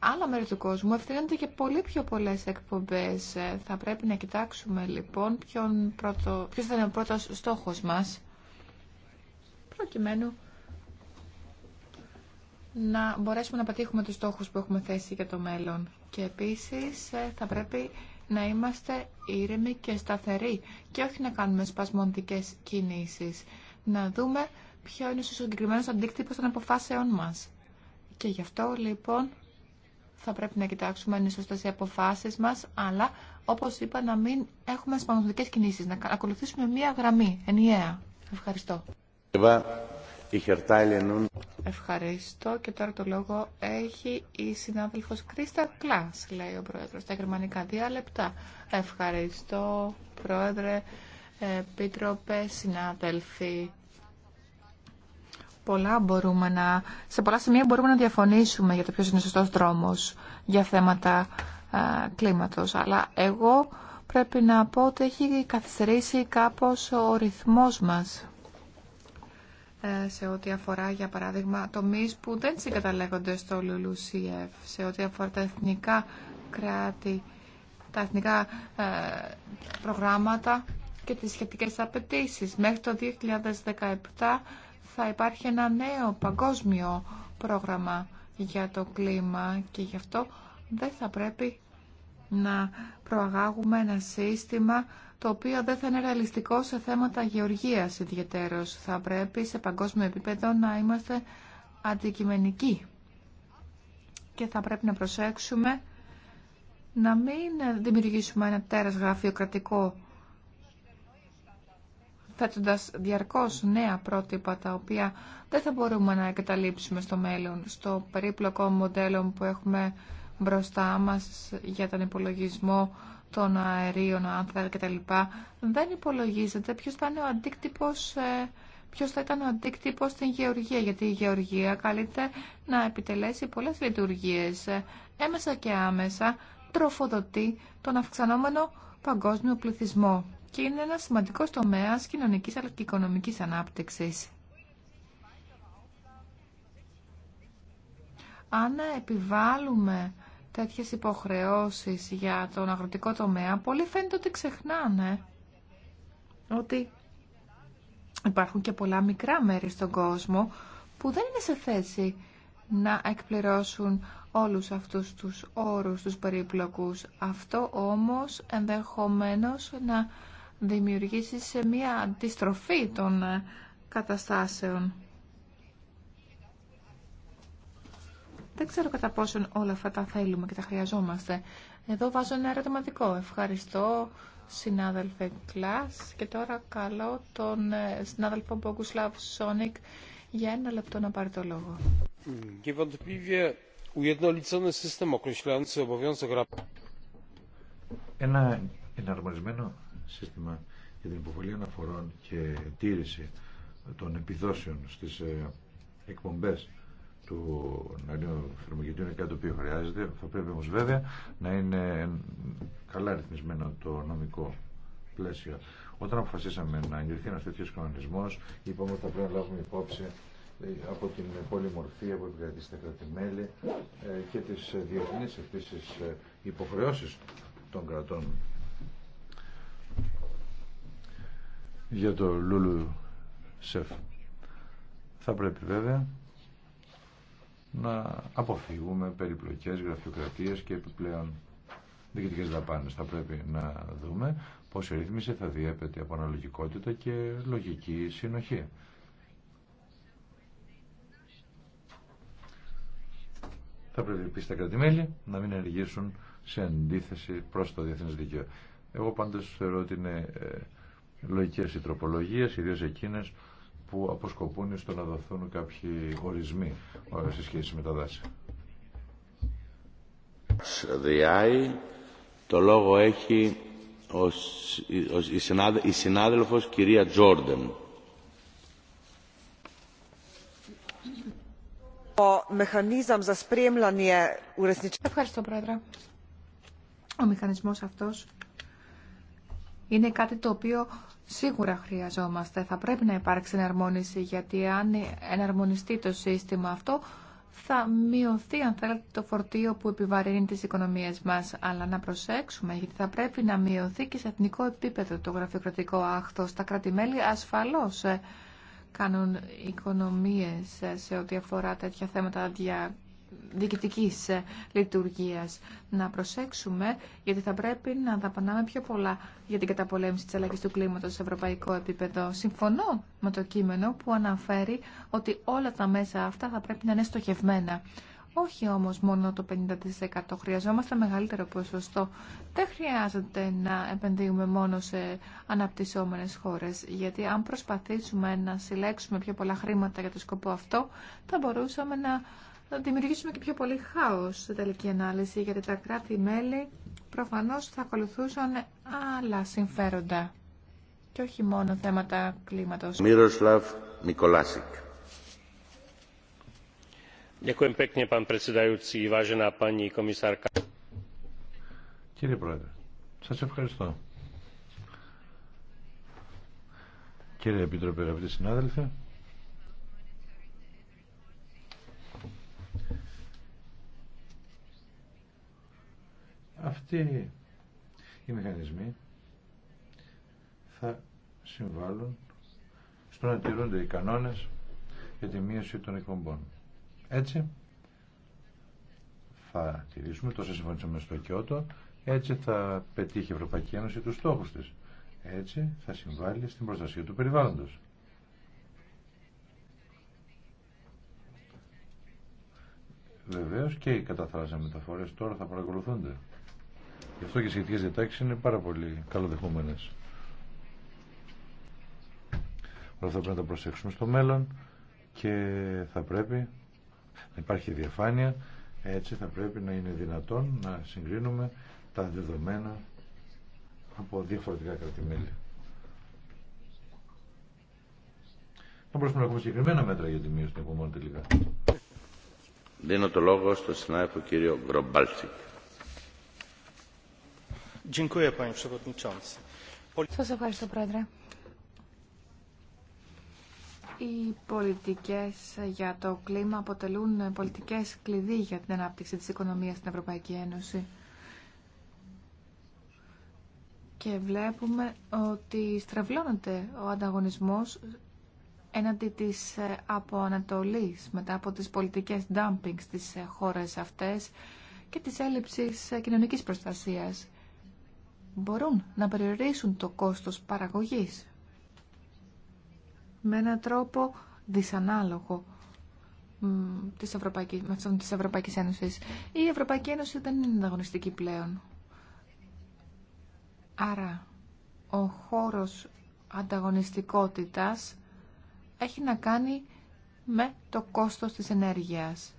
άλλα μέρη του κόσμου ευθύνονται και πολύ πιο πολλές εκπομπές. Ε, θα πρέπει να κοιτάξουμε λοιπόν ποιον πρώτο, ποιος θα είναι ο πρώτο στόχος μας προκειμένου να μπορέσουμε να πετύχουμε τους στόχους που έχουμε θέσει για το μέλλον. Και επίσης ε, θα πρέπει να είμαστε ήρεμοι και σταθεροί και όχι να κάνουμε σπασμοντικές κινήσεις. Να δούμε ποιο είναι ο συγκεκριμένο αντίκτυπο των αποφάσεών μας. Και γι' αυτό λοιπόν θα πρέπει να κοιτάξουμε αν είναι σωστέ οι αποφάσει μα, αλλά όπω είπα, να μην έχουμε σπανοδοτικέ κινήσει, να ακολουθήσουμε μία γραμμή ενιαία. Ευχαριστώ. Ευχαριστώ και τώρα το λόγο έχει η συνάδελφο Κρίστα Κλά, λέει ο πρόεδρο, Τα γερμανικά δύο λεπτά. Ευχαριστώ, πρόεδρε, επίτροπε, συνάδελφοι μπορούμε να, σε πολλά σημεία μπορούμε να διαφωνήσουμε για το ποιος είναι ο σωστός δρόμος για θέματα α, κλίματος. Αλλά εγώ πρέπει να πω ότι έχει καθυστερήσει κάπως ο ρυθμός μας ε, σε ό,τι αφορά, για παράδειγμα, τομείς που δεν συγκαταλέγονται στο Λουλουσίεφ, σε ό,τι αφορά τα εθνικά κράτη, τα εθνικά ε, προγράμματα και τις σχετικές απαιτήσεις. Μέχρι το 2017 θα υπάρχει ένα νέο παγκόσμιο πρόγραμμα για το κλίμα και γι' αυτό δεν θα πρέπει να προαγάγουμε ένα σύστημα το οποίο δεν θα είναι ρεαλιστικό σε θέματα γεωργίας ιδιαιτέρως. Θα πρέπει σε παγκόσμιο επίπεδο να είμαστε αντικειμενικοί και θα πρέπει να προσέξουμε να μην δημιουργήσουμε ένα τέρας γραφειοκρατικό θέτοντας διαρκώς νέα πρότυπα τα οποία δεν θα μπορούμε να εγκαταλείψουμε στο μέλλον, στο περίπλοκο μοντέλο που έχουμε μπροστά μας για τον υπολογισμό των αερίων, άνθρα κτλ. Δεν υπολογίζεται ποιος θα είναι ο αντίκτυπος ε, Ποιο θα ήταν ο αντίκτυπο στην γεωργία, γιατί η γεωργία καλείται να επιτελέσει πολλέ λειτουργίε ε, έμεσα και άμεσα, τροφοδοτεί τον αυξανόμενο παγκόσμιο πληθυσμό και είναι ένα σημαντικό τομέας... κοινωνική αλλά και οικονομική ανάπτυξης. Αν επιβάλλουμε τέτοιες υποχρεώσεις για τον αγροτικό τομέα, πολλοί φαίνεται ότι ξεχνάνε ότι υπάρχουν και πολλά μικρά μέρη στον κόσμο που δεν είναι σε θέση να εκπληρώσουν όλους αυτούς τους όρους, τους περίπλοκους. Αυτό όμως ενδεχομένως να δημιουργήσει σε μία αντιστροφή των ε, καταστάσεων. Δεν ξέρω κατά πόσον όλα αυτά τα θέλουμε και τα χρειαζόμαστε. Εδώ βάζω ένα ερωτηματικό. Ευχαριστώ συνάδελφε Κλάς και τώρα καλώ τον ε, συνάδελφο Μπογκουσλάβ Σόνικ για ένα λεπτό να πάρει το λόγο. Ένα εναρμονισμένο σύστημα για την υποβολή αναφορών και τήρηση των επιδόσεων στις ε, εκπομπές του νανίου είναι κάτι το οποίο χρειάζεται. Θα πρέπει όμως βέβαια να είναι ε, καλά ρυθμισμένο το νομικό πλαίσιο. Όταν αποφασίσαμε να εγκριθεί ένα τέτοιο κανονισμό, είπαμε ότι θα πρέπει να λάβουμε υπόψη ε, από την πολυμορφία που κρατή στα κρατημέλη και τις διεθνείς επίσης υποχρεώσεις των κρατών για το Λούλου Σεφ. Θα πρέπει βέβαια να αποφύγουμε περιπλοκές, γραφειοκρατίες και επιπλέον διοικητικές δαπάνες. Θα πρέπει να δούμε πώς η ρύθμιση θα διέπεται από αναλογικότητα και λογική συνοχή. Θα πρέπει επίσης τα κρατημέλη να μην ενεργήσουν σε αντίθεση προς το διεθνές δίκαιο. Εγώ πάντως θεωρώ ότι είναι ε, λογικές οι τροπολογίες, ιδίως εκείνες που αποσκοπούν στο να δοθούν κάποιοι ορισμοί ε, σε σχέση με τα δάση. Διάει, το λόγο έχει συνάδελφος κυρία η, η συνάδελφος κυρία Τζόρντεν. Ευχαριστώ, Πρόεδρε. Ο μηχανισμός αυτός είναι κάτι το οποίο Σίγουρα χρειαζόμαστε. Θα πρέπει να υπάρξει εναρμόνιση, γιατί αν εναρμονιστεί το σύστημα αυτό, θα μειωθεί, αν θέλετε, το φορτίο που επιβαρύνει τις οικονομίες μας. Αλλά να προσέξουμε, γιατί θα πρέπει να μειωθεί και σε εθνικό επίπεδο το γραφειοκρατικό άχθος. Τα κρατημέλη ασφαλώς ε, κάνουν οικονομίες ε, σε ό,τι αφορά τέτοια θέματα διοικητικής ε, λειτουργίας. Να προσέξουμε, γιατί θα πρέπει να δαπανάμε πιο πολλά για την καταπολέμηση της αλλαγής του κλίματος σε ευρωπαϊκό επίπεδο. Συμφωνώ με το κείμενο που αναφέρει ότι όλα τα μέσα αυτά θα πρέπει να είναι στοχευμένα. Όχι όμως μόνο το 50%. Χρειαζόμαστε μεγαλύτερο ποσοστό. Δεν χρειάζεται να επενδύουμε μόνο σε αναπτυσσόμενες χώρες, γιατί αν προσπαθήσουμε να συλλέξουμε πιο πολλά χρήματα για το σκοπό αυτό, θα μπορούσαμε να να δημιουργήσουμε και πιο πολύ χάος σε τελική ανάλυση, γιατί τα κράτη-μέλη προφανώς θα ακολουθούσαν άλλα συμφέροντα και όχι μόνο θέματα κλίματος. Μικολάσικ. Κύριε Πρόεδρε, σας ευχαριστώ. Κύριε Επίτροπε, αγαπητοί συνάδελφοι, Αυτοί οι μηχανισμοί θα συμβάλλουν στο να τηρούνται οι κανόνες για τη μείωση των εκπομπών. Έτσι θα τηρήσουμε, τόσο συμφωνήσαμε στο Κιώτο, έτσι θα πετύχει η Ευρωπαϊκή Ένωση τους στόχους της. Έτσι θα συμβάλλει στην προστασία του περιβάλλοντος. Βεβαίως και οι καταθράσεις μεταφορές τώρα θα παρακολουθούνται. Γι' αυτό και σχετικές διατάξεις είναι πάρα πολύ καλοδεχούμενες. Όλα πρέπει να τα προσέξουμε στο μέλλον και θα πρέπει να υπάρχει διαφάνεια. Έτσι θα πρέπει να είναι δυνατόν να συγκρίνουμε τα δεδομένα από διαφορετικά κρατημέλη. Θα μπορούσαμε να έχουμε συγκεκριμένα μέτρα για τη μείωση των τελικά. Δίνω το λόγο στον συνάδελφο κύριο Γκρομπάλτσικ. Σας ευχαριστώ, Πρόεδρε. Οι πολιτικές για το κλίμα αποτελούν πολιτικές κλειδί για την ανάπτυξη της οικονομίας στην Ευρωπαϊκή Ένωση. Και βλέπουμε ότι στρεβλώνεται ο ανταγωνισμός έναντι της από μετά από τις πολιτικές dumping στις χώρες αυτές και της έλλειψης κοινωνικής προστασίας μπορούν να περιορίσουν το κόστος παραγωγής με έναν τρόπο δυσανάλογο της Ευρωπαϊκής, με αυτόν της Ευρωπαϊκής Ένωσης. Η Ευρωπαϊκή Ένωση δεν είναι ανταγωνιστική πλέον. Άρα, ο χώρος ανταγωνιστικότητας έχει να κάνει με το κόστος της ενέργειας.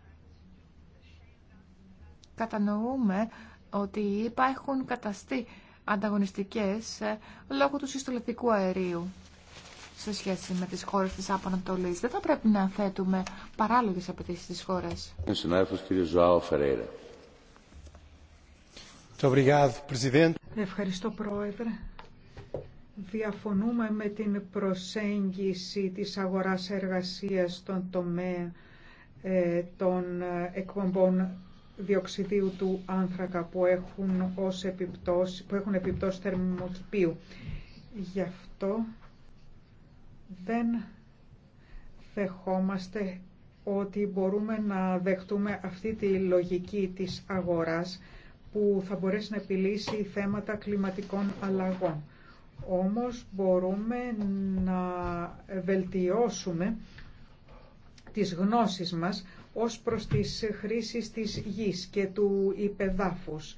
Κατανοούμε ότι οι καταστή. έχουν καταστεί ανταγωνιστικές ε, λόγω του συστολευτικού αερίου σε σχέση με τις χώρες της Απανατολής. Δεν θα πρέπει να θέτουμε παράλογες απαιτήσεις στις χώρες. Ευχαριστώ Πρόεδρε. Διαφωνούμε με την προσέγγιση της αγοράς εργασίας στον τομέα ε, των εκπομπών διοξιδίου του άνθρακα που έχουν, ως επιπτώσει, που έχουν επιπτώσει θερμοκηπίου. Γι' αυτό δεν δεχόμαστε ότι μπορούμε να δεχτούμε αυτή τη λογική της αγοράς που θα μπορέσει να επιλύσει θέματα κλιματικών αλλαγών. Όμως μπορούμε να βελτιώσουμε τις γνώσεις μας ως προς τις χρήσεις της γης και του υπεδάφους.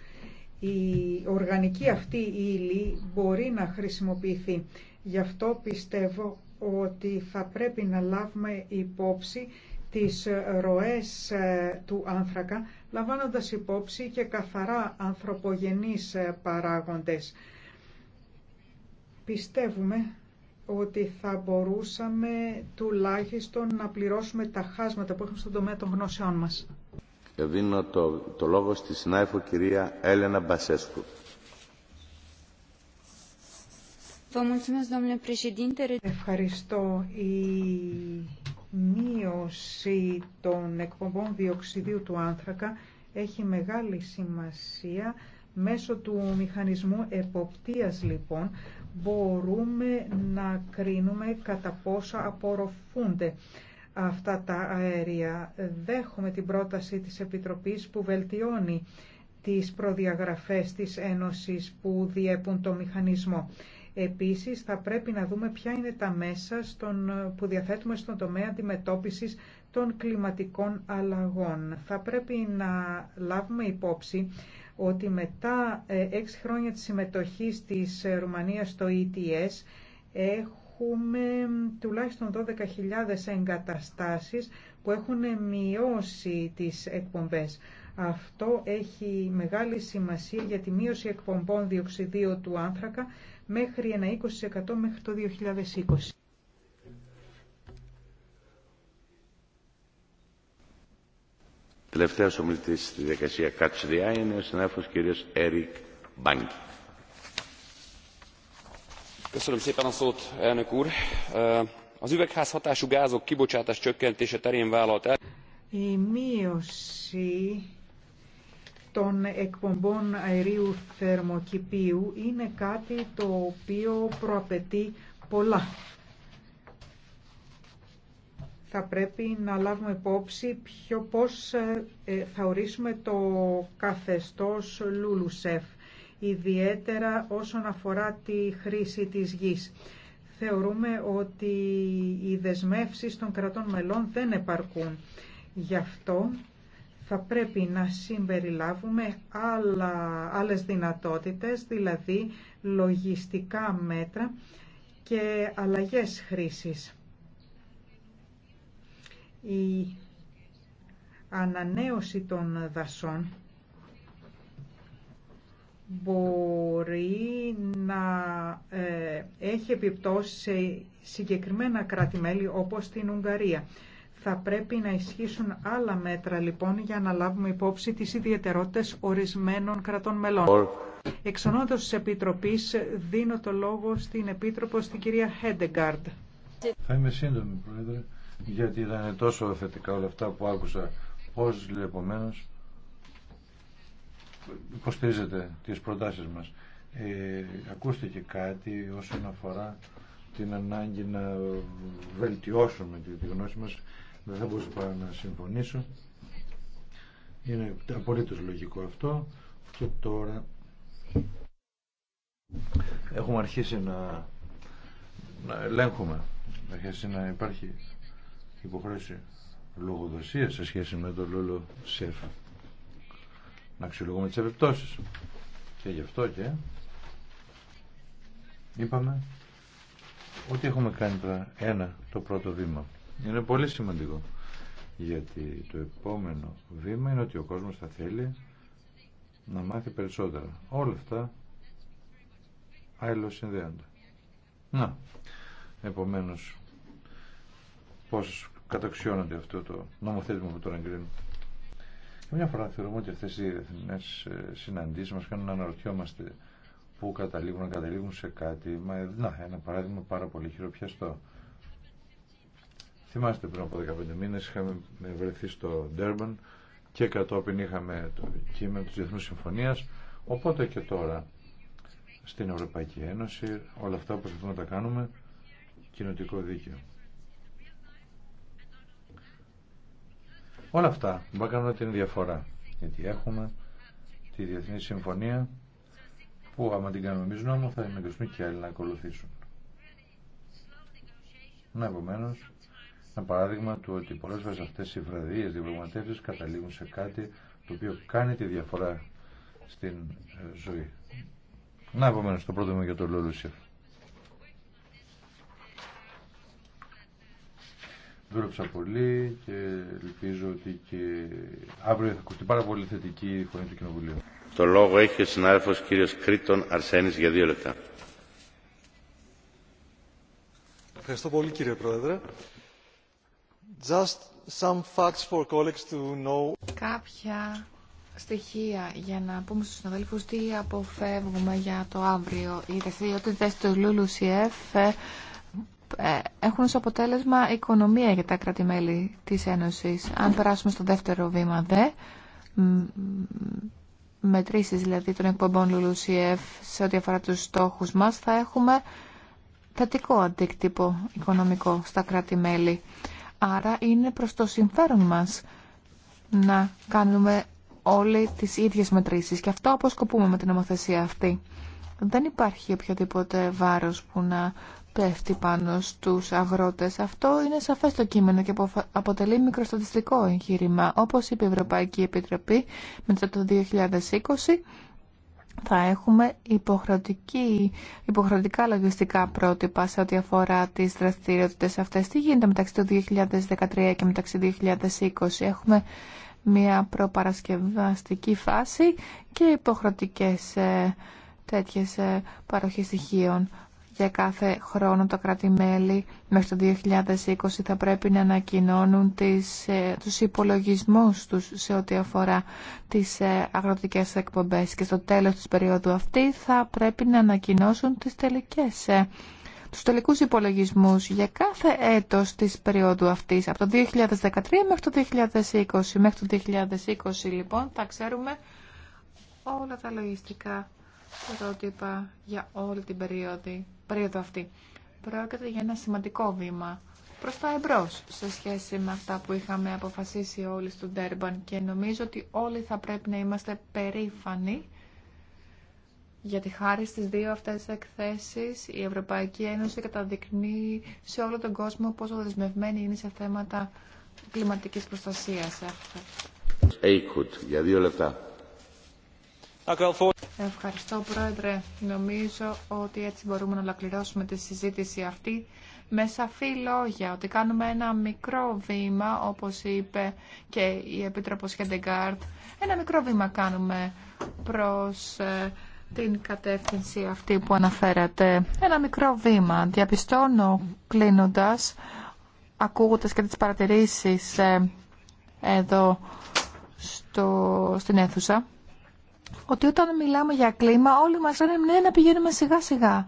Η οργανική αυτή ύλη μπορεί να χρησιμοποιηθεί. Γι' αυτό πιστεύω ότι θα πρέπει να λάβουμε υπόψη τις ροές ε, του άνθρακα, λαμβάνοντας υπόψη και καθαρά ανθρωπογενείς ε, παράγοντες. Πιστεύουμε ότι θα μπορούσαμε τουλάχιστον να πληρώσουμε τα χάσματα που έχουμε στον τομέα των γνώσεών μας. Ε, δίνω το, το λόγο στη συνάδελφο κυρία Έλενα Μπασέσκου. Ευχαριστώ. Η μείωση των εκπομπών διοξιδίου του άνθρακα έχει μεγάλη σημασία μέσω του μηχανισμού εποπτείας λοιπόν μπορούμε να κρίνουμε κατά πόσα απορροφούνται αυτά τα αέρια. Δέχομαι την πρόταση της Επιτροπής που βελτιώνει τις προδιαγραφές της Ένωσης που διέπουν το μηχανισμό. Επίσης, θα πρέπει να δούμε ποια είναι τα μέσα στον, που διαθέτουμε στον τομέα αντιμετώπισης των κλιματικών αλλαγών. Θα πρέπει να λάβουμε υπόψη ότι μετά ε, έξι χρόνια της συμμετοχής της ε, Ρουμανίας στο ETS έχουμε τουλάχιστον 12.000 εγκαταστάσεις που έχουν μειώσει τις εκπομπές. Αυτό έχει μεγάλη σημασία για τη μείωση εκπομπών διοξιδίου του άνθρακα μέχρι ένα 20% μέχρι το 2020. Τελευταίος ομιλητής στη διαδικασία ΚΑΤΣΔΙΑ είναι ο συνάδελφος κύριος Έρικ Μπάνκι. Köszönöm szépen a szót, elnök úr. Az üvegházhatású gázok kibocsátás csökkentése terén vállalt el. Η μείωση των εκπομπών αερίου θερμοκηπίου είναι κάτι το οποίο προαπαιτεί πολλά θα πρέπει να λάβουμε υπόψη ποιο, πώς ε, ε, θα ορίσουμε το καθεστώς Λούλουσεφ, ιδιαίτερα όσον αφορά τη χρήση της γης. Θεωρούμε ότι οι δεσμεύσεις των κρατών μελών δεν επαρκούν. Γι' αυτό θα πρέπει να συμπεριλάβουμε άλλα, άλλες δυνατότητες, δηλαδή λογιστικά μέτρα και αλλαγές χρήσης η ανανέωση των δασών μπορεί να ε, έχει επιπτώσει σε συγκεκριμένα κράτη-μέλη όπως την Ουγγαρία. Θα πρέπει να ισχύσουν άλλα μέτρα λοιπόν για να λάβουμε υπόψη τις ιδιαιτερότητες ορισμένων κρατών μελών. Εξ της Επιτροπής δίνω το λόγο στην Επίτροπο, στην κυρία Χέντεγκαρντ. Θα είμαι σύντομη, Πρόεδρε γιατί ήταν τόσο θετικά όλα αυτά που άκουσα πώς επομένως υποστηρίζετε τις προτάσεις μας. Ε, ακούστηκε κάτι όσον αφορά την ανάγκη να βελτιώσουμε τη, γνώση μας. Δεν θα μπορούσα να συμφωνήσω. Είναι απολύτως λογικό αυτό. Και τώρα έχουμε αρχίσει να, να ελέγχουμε. Αρχίσει να υπάρχει υποχρέωση λογοδοσία σε σχέση με το Λόλο Σεφ. Να αξιολογούμε τις επιπτώσει. Και γι' αυτό και είπαμε ότι έχουμε κάνει ένα το πρώτο βήμα. Είναι πολύ σημαντικό. Γιατί το επόμενο βήμα είναι ότι ο κόσμος θα θέλει να μάθει περισσότερα. Όλα αυτά αλληλοσυνδέονται. Να, επομένως πώς καταξιώνονται αυτό το νομοθέτημα που τώρα εγκρίνουν. Και μια φορά θεωρούμε ότι αυτές οι διεθνές ε, συναντήσεις μας κάνουν να αναρωτιόμαστε που καταλήγουν να καταλήγουν σε κάτι. Μα, να, ένα παράδειγμα πάρα πολύ χειροπιαστό. Θυμάστε πριν από 15 μήνες είχαμε βρεθεί στο Ντέρμπαν και κατόπιν είχαμε το κείμενο της Διεθνούς Συμφωνίας. Οπότε και τώρα στην Ευρωπαϊκή Ένωση όλα αυτά που προσπαθούμε να τα κάνουμε κοινοτικό δίκαιο. Όλα αυτά μπορεί να την διαφορά. Γιατί έχουμε τη Διεθνή Συμφωνία που άμα την κάνουμε εμείς νόμο θα ενεργοστούν και άλλοι να ακολουθήσουν. Να επομένω, ένα παράδειγμα του ότι πολλέ φορέ αυτέ οι βραδίε διαπραγματεύσει καταλήγουν σε κάτι το οποίο κάνει τη διαφορά στην ε, ζωή. Να επομένω, το πρώτο μου για τον Δούλεψα πολύ και ελπίζω ότι και αύριο θα ακουστεί πάρα πολύ θετική η φωνή του Κοινοβουλίου. Το λόγο έχει ο συνάδελφος κύριος Κρήτον Αρσένης για δύο λεπτά. Ευχαριστώ πολύ κύριε Πρόεδρε. Just some facts for colleagues to know. Κάποια στοιχεία για να πούμε στους συναδέλφους τι αποφεύγουμε για το αύριο. Η δραστηριότητα του Λούλου ε, ε, έχουν ως αποτέλεσμα οικονομία για τα κράτη-μέλη της Ένωσης. Αν περάσουμε στο δεύτερο βήμα δε, μετρήσεις δηλαδή των εκπομπών Λουλουσιεφ σε ό,τι αφορά τους στόχους μας, θα έχουμε θετικό αντίκτυπο οικονομικό στα κρατη Άρα είναι προς το συμφέρον μας να κάνουμε όλοι τις ίδιες μετρήσεις και αυτό αποσκοπούμε με την νομοθεσία αυτή. Δεν υπάρχει οποιοδήποτε βάρος που να πέφτει πάνω στους αγρότες. Αυτό είναι σαφές το κείμενο και αποτελεί μικροστατιστικό εγχείρημα. Όπως είπε η Ευρωπαϊκή Επιτροπή, μετά το 2020 θα έχουμε υποχρεωτικά λογιστικά πρότυπα σε ό,τι αφορά τις δραστηριότητες αυτές. Τι γίνεται μεταξύ του 2013 και μεταξύ 2020. Έχουμε μια προπαρασκευαστική φάση και υποχρεωτικές ε, τέτοιες ε, παροχές στοιχείων για κάθε χρόνο τα κράτη-μέλη μέχρι το 2020 θα πρέπει να ανακοινώνουν τις, ε, τους υπολογισμούς τους σε ό,τι αφορά τις ε, αγροτικές εκπομπές και στο τέλος της περίοδου αυτή θα πρέπει να ανακοινώσουν τις τελικές ε, τους τελικούς υπολογισμούς για κάθε έτος της περίοδου αυτής από το 2013 μέχρι το 2020. Μέχρι το 2020 λοιπόν θα ξέρουμε όλα τα λογιστικά είπα για όλη την περίοδο, περίοδο αυτή. Πρόκειται για ένα σημαντικό βήμα προς τα εμπρός σε σχέση με αυτά που είχαμε αποφασίσει όλοι στον Τέρμπαν και νομίζω ότι όλοι θα πρέπει να είμαστε περήφανοι γιατί χάρη στις δύο αυτές εκθέσεις η Ευρωπαϊκή Ένωση καταδεικνύει σε όλο τον κόσμο πόσο δεσμευμένη είναι σε θέματα κλιματικής προστασίας. Έικουτ, για δύο λεπτά. Ευχαριστώ Πρόεδρε. Νομίζω ότι έτσι μπορούμε να ολοκληρώσουμε τη συζήτηση αυτή με σαφή λόγια ότι κάνουμε ένα μικρό βήμα όπως είπε και η Επίτροπος Χεντεγκάρτ. Ένα μικρό βήμα κάνουμε προς ε, την κατεύθυνση αυτή που αναφέρατε. Ένα μικρό βήμα. Διαπιστώνω κλείνοντας, ακούγοντας και τις παρατηρήσεις ε, εδώ στο, στην αίθουσα ότι όταν μιλάμε για κλίμα όλοι μας λένε ναι να πηγαίνουμε σιγά σιγά.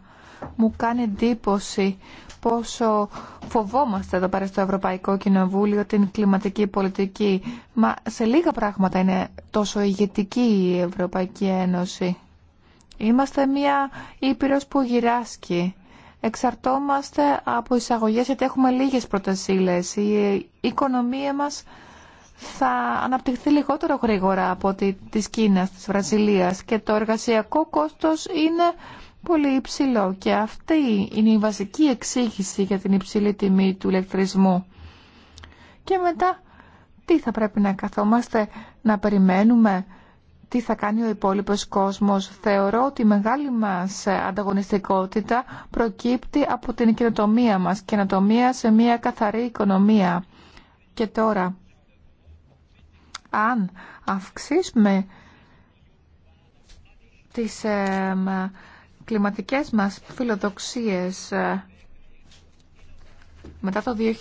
Μου κάνει εντύπωση πόσο φοβόμαστε εδώ πέρα στο Ευρωπαϊκό Κοινοβούλιο την κλιματική πολιτική. Μα σε λίγα πράγματα είναι τόσο ηγετική η Ευρωπαϊκή Ένωση. Είμαστε μια ήπειρος που γυράσκει. Εξαρτόμαστε από εισαγωγές γιατί έχουμε λίγες πρωτεσίλες. Η οικονομία μας θα αναπτυχθεί λιγότερο γρήγορα από τη, της Κίνας, της Βραζιλίας και το εργασιακό κόστος είναι πολύ υψηλό και αυτή είναι η βασική εξήγηση για την υψηλή τιμή του ηλεκτρισμού. Και μετά τι θα πρέπει να καθόμαστε να περιμένουμε τι θα κάνει ο υπόλοιπος κόσμος. Θεωρώ ότι η μεγάλη μας ανταγωνιστικότητα προκύπτει από την καινοτομία μας. Καινοτομία σε μια καθαρή οικονομία. Και τώρα αν αυξήσουμε τις ε, κλιματικές μας φιλοδοξίες ε, μετά το 2020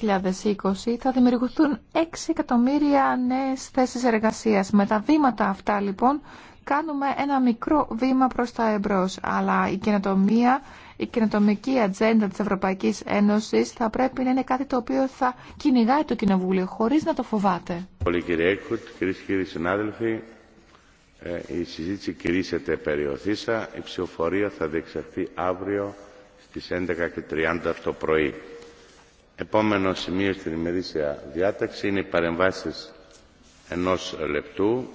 θα δημιουργηθούν 6 εκατομμύρια νέες θέσεις εργασίας. Με τα βήματα αυτά λοιπόν κάνουμε ένα μικρό βήμα προς τα εμπρός, αλλά η καινοτομία η κοινοτομική ατζέντα της Ευρωπαϊκής Ένωσης θα πρέπει να είναι κάτι το οποίο θα κυνηγάει το Κοινοβούλιο χωρίς να το φοβάται. Πολύ κύριε Έκουτ, κυρίες και κύριοι συνάδελφοι, ε, η συζήτηση κηρύσσεται περιοθήσα. Η ψηφοφορία θα διεξαχθεί αύριο στις 11.30 το πρωί. Επόμενο σημείο στην ημερήσια διάταξη είναι οι παρεμβάσεις ενός λεπτού